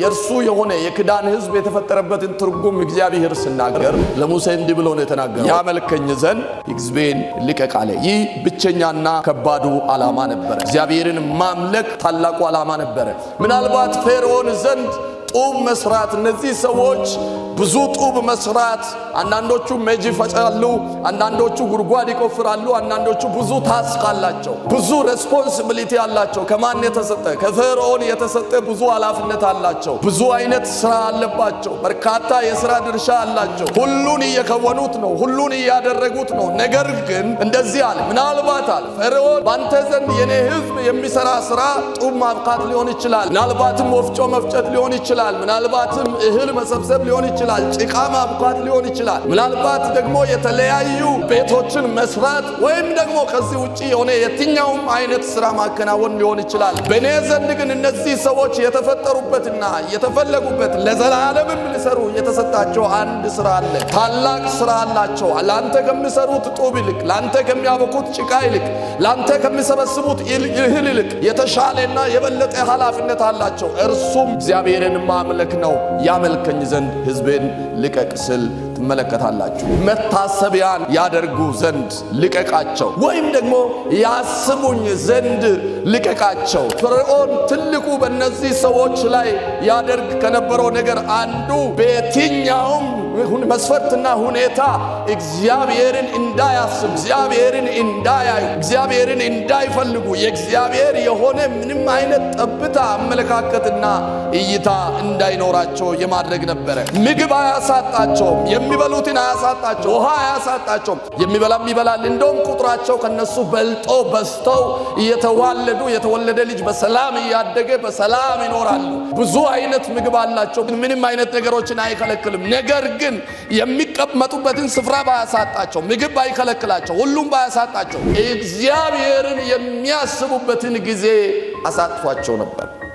የእርሱ የሆነ የክዳን ህዝብ የተፈጠረበትን ትርጉም እግዚአብሔር ስናገር ለሙሴ እንዲህ ብሎ ነው የተናገረው፣ ያመልከኝ ዘንድ ሕዝቤን ልቀቅ አለ። ይህ ብቸኛና ከባዱ ዓላማ ነበረ። እግዚአብሔርን ማምለክ ታላቁ ዓላማ ነበረ። ምናልባት ፌርዖን ዘንድ ጡብ መስራት። እነዚህ ሰዎች ብዙ ጡብ መስራት፣ አንዳንዶቹ መጅ ይፈጫሉ፣ አንዳንዶቹ ጉድጓድ ይቆፍራሉ፣ አንዳንዶቹ ብዙ ታስክ አላቸው፣ ብዙ ሬስፖንሲቢሊቲ አላቸው። ከማን የተሰጠ? ከፈርዖን የተሰጠ ብዙ ኃላፊነት አላቸው። ብዙ አይነት ስራ አለባቸው። በርካታ የስራ ድርሻ አላቸው። ሁሉን እየከወኑት ነው፣ ሁሉን እያደረጉት ነው። ነገር ግን እንደዚህ አለ፣ ምናልባት አለ ፈርዖን፣ ባንተ ዘንድ የኔ ህዝብ የሚሰራ ስራ ጡብ ማብቃት ሊሆን ይችላል፣ ምናልባትም ወፍጮ መፍጨት ሊሆን ይችላል ይችላል። ምናልባትም እህል መሰብሰብ ሊሆን ይችላል። ጭቃ ማብኳት ሊሆን ይችላል። ምናልባት ደግሞ የተለያዩ ቤቶችን መስራት ወይም ደግሞ ከዚህ ውጭ የሆነ የትኛውም አይነት ስራ ማከናወን ሊሆን ይችላል። በእኔ ዘንድ ግን እነዚህ ሰዎች የተፈጠሩበትና የተፈለጉበት ለዘላለምም ሊሰሩ የተሰጣቸው አንድ ስራ አለ። ታላቅ ስራ አላቸው። ለአንተ ከሚሰሩት ጡብ ይልቅ፣ ለአንተ ከሚያበኩት ጭቃ ይልቅ፣ ለአንተ ከሚሰበስቡት እህል ይልቅ የተሻለና የበለጠ ኃላፊነት አላቸው። እርሱም እግዚአብሔርን ማምለክ ነው ያመልከኝ ዘንድ ሕዝቤን ልቀቅ ስል ትመለከታላችሁ። መታሰቢያን ያደርጉ ዘንድ ልቀቃቸው፣ ወይም ደግሞ ያስቡኝ ዘንድ ልቀቃቸው። ፈርዖን ትልቁ በእነዚህ ሰዎች ላይ ያደርግ ከነበረው ነገር አንዱ በየትኛውም መስፈርትና ሁኔታ እግዚአብሔርን እንዳያስብ፣ እግዚአብሔርን እንዳያዩ፣ እግዚአብሔርን እንዳይፈልጉ የእግዚአብሔር የሆነ ምንም አይነት ጠብታ አመለካከትና እይታ እንዳይኖራቸው የማድረግ ነበረ። ምግብ አያሳጣቸውም። የሚበሉትን አያሳጣቸው፣ ውሃ አያሳጣቸውም። የሚበላም ይበላል። እንደውም ቁጥራቸው ከነሱ በልጦ በዝተው እየተዋለዱ የተወለደ ልጅ በሰላም እያደገ በሰላም ይኖራሉ። ብዙ አይነት ምግብ አላቸው። ምንም አይነት ነገሮችን አይከለክልም። ነገር ግን የሚቀመጡበትን ስፍራ ባያሳጣቸው፣ ምግብ ባይከለክላቸው፣ ሁሉም ባያሳጣቸው፣ እግዚአብሔርን የሚያስቡበትን ጊዜ አሳጥቷቸው ነበር።